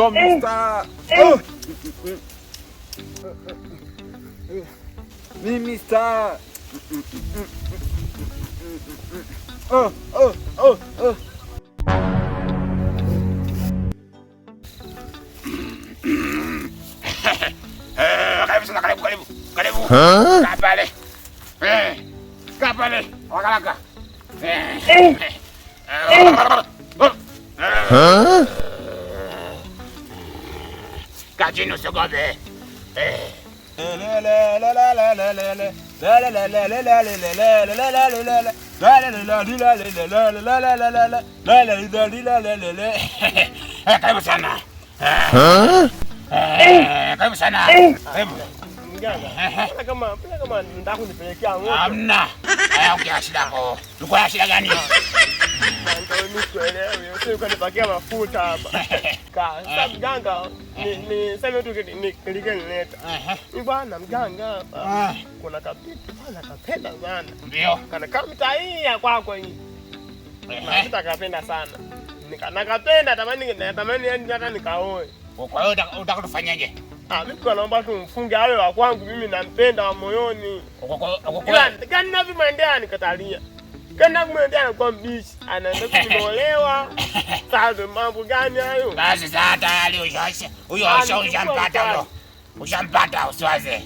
Gombe Star. Eh, eh. Oh. Mimi Star. Oh, oh, oh, oh. Karibu sana, karibu, karibu. Karibu. Kaa pale. Eh. Kaa pale. Wakalaka. Eh. Eh. Eh. Eh. Oh. Eh. Kaçın usuk abi. Karibu sana. Karibu sana. Karibu. Kama ndio kunipelekea ng'ombe. Hamna. Ukiashida kwa. Uko ashida gani? Ukanipakia mafuta hapa. Sasa mganga, niseme tu nileta bwana mganga hapa, kuna kapitu bwana kapenda sana, ndio kanakaa mitaa hii ya kwako hii, mafuta kapenda sana, nakapenda tamani, natamani yani hata nikaoe. Kwa hiyo utaka tufanyaje? Mimi naomba tu mfunge awe wa kwangu, mimi nampenda wa moyoni, ila gani navyomwendea nikatalia Kenda kumwendea anakuwa mbishi, kuolewa. Sasa mambo gani hayo? Basi sasa tayari Huyo ushampata usiwaze.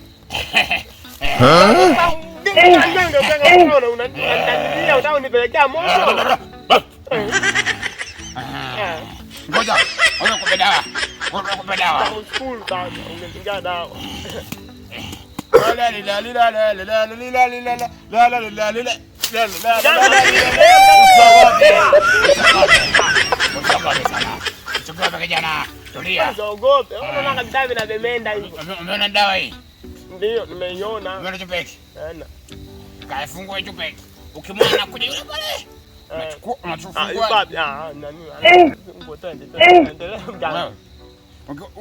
Ngoja, Umeona dawa hii? Ndio, nimeiona. Umeona chupeki? Kaifungua chupeki. Ukimwona anakuja yule pale. Eh. Ah,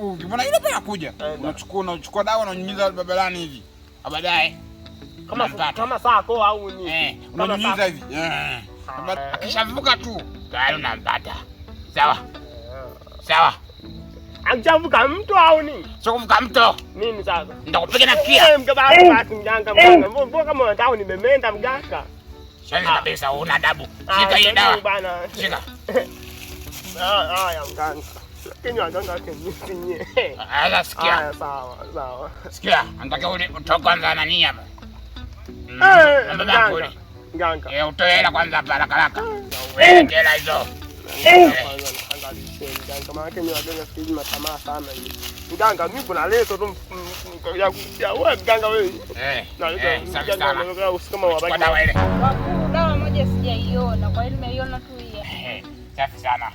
ukimwona yule pale anakuja. Unachukua unachukua dawa unanyunyiza barabarani hivi. Baadaye kama kama sako au ni eh, unanyunyiza hivi eh. Eh. akishavuka tu gari unampata. Sawa sawa, akichavuka mto au ni sio kuvuka mto nini? Sasa ndakupiga na eh, kia mbona kama unataka nimemenda mgaka shani ah. kabisa, una adabu. Ah, shika hiyo dawa bana, shika ah, haya mganga Sikia, anataka utoke kwanza nani hapa Eh, mm. eh, eh, utoe kwanza haraka haraka, hela hizo mganga. Mimi kuna leto tu mm, mm, mganga wewe, dawa moja sijaiona, kwa hiyo nimeiona tu hii. Safi sana.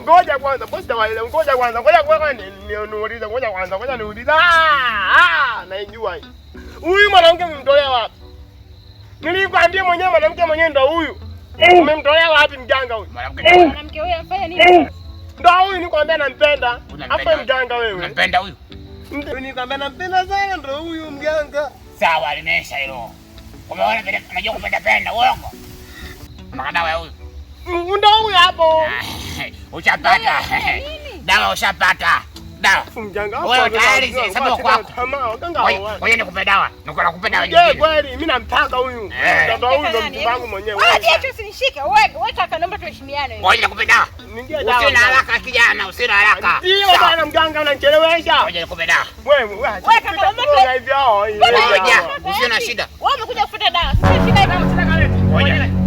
Ngoja kwanza bosi, dawa ile, ngoja kwanza, ngoja kwanza niulize, ngoja kwanza, ngoja niulize. Ah, ah, naijua hii. Huyu mwanamke mtolea wapi? Nilikwambia mwenyewe mwanamke mwenyewe ndo huyu. Eh. Umemtolea wapi mganga huyu? Mwanamke eh. huyu afanya nini? Eh. Ndo huyu nikwambia nampenda. Afanya mganga wewe. Unampenda huyu? Nikwambia nampenda sana ndo huyu mganga. Sawa limesha hilo. Umeona vile unajua kupenda penda uongo. Maana wewe huyu. Ndo huyu hapo. Ah, ushapata. Dawa ushapata dawa. Wewe tayari sema kwako. Kwa hiyo nikupe dawa. Niko nakupa dawa nyingine. Je, kweli mimi namtaka huyu. Eh. Mtoto huyu ndo mtu wangu mwenyewe. Wewe acha usinishike. Wewe wewe taka naomba tuheshimiane. Kwa hiyo nikupe dawa. Ningia dawa. Usina haraka kijana, usina haraka. Ndio bwana mganga unanichelewesha. Ngoja nikupe dawa. Wewe wewe kaka naomba. Oh, Ngoja. Usina shida. Wewe umekuja kufuta dawa. Sisi shida hivi. Ngoja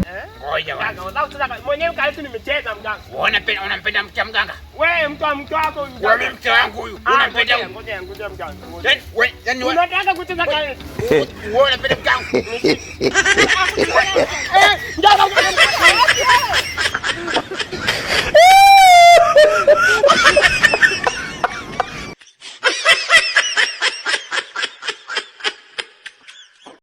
roho jamani. Mwenyewe kale tu nimecheza mganga. Wewe unampenda mkia mganga? Wewe mtu wa mkia wako mganga. Wewe mkia wangu huyu. Ah, unampenda huyu. Ngoja yaani, yaani, unataka kucheza kale. Wewe unapenda mkia wangu. Eh,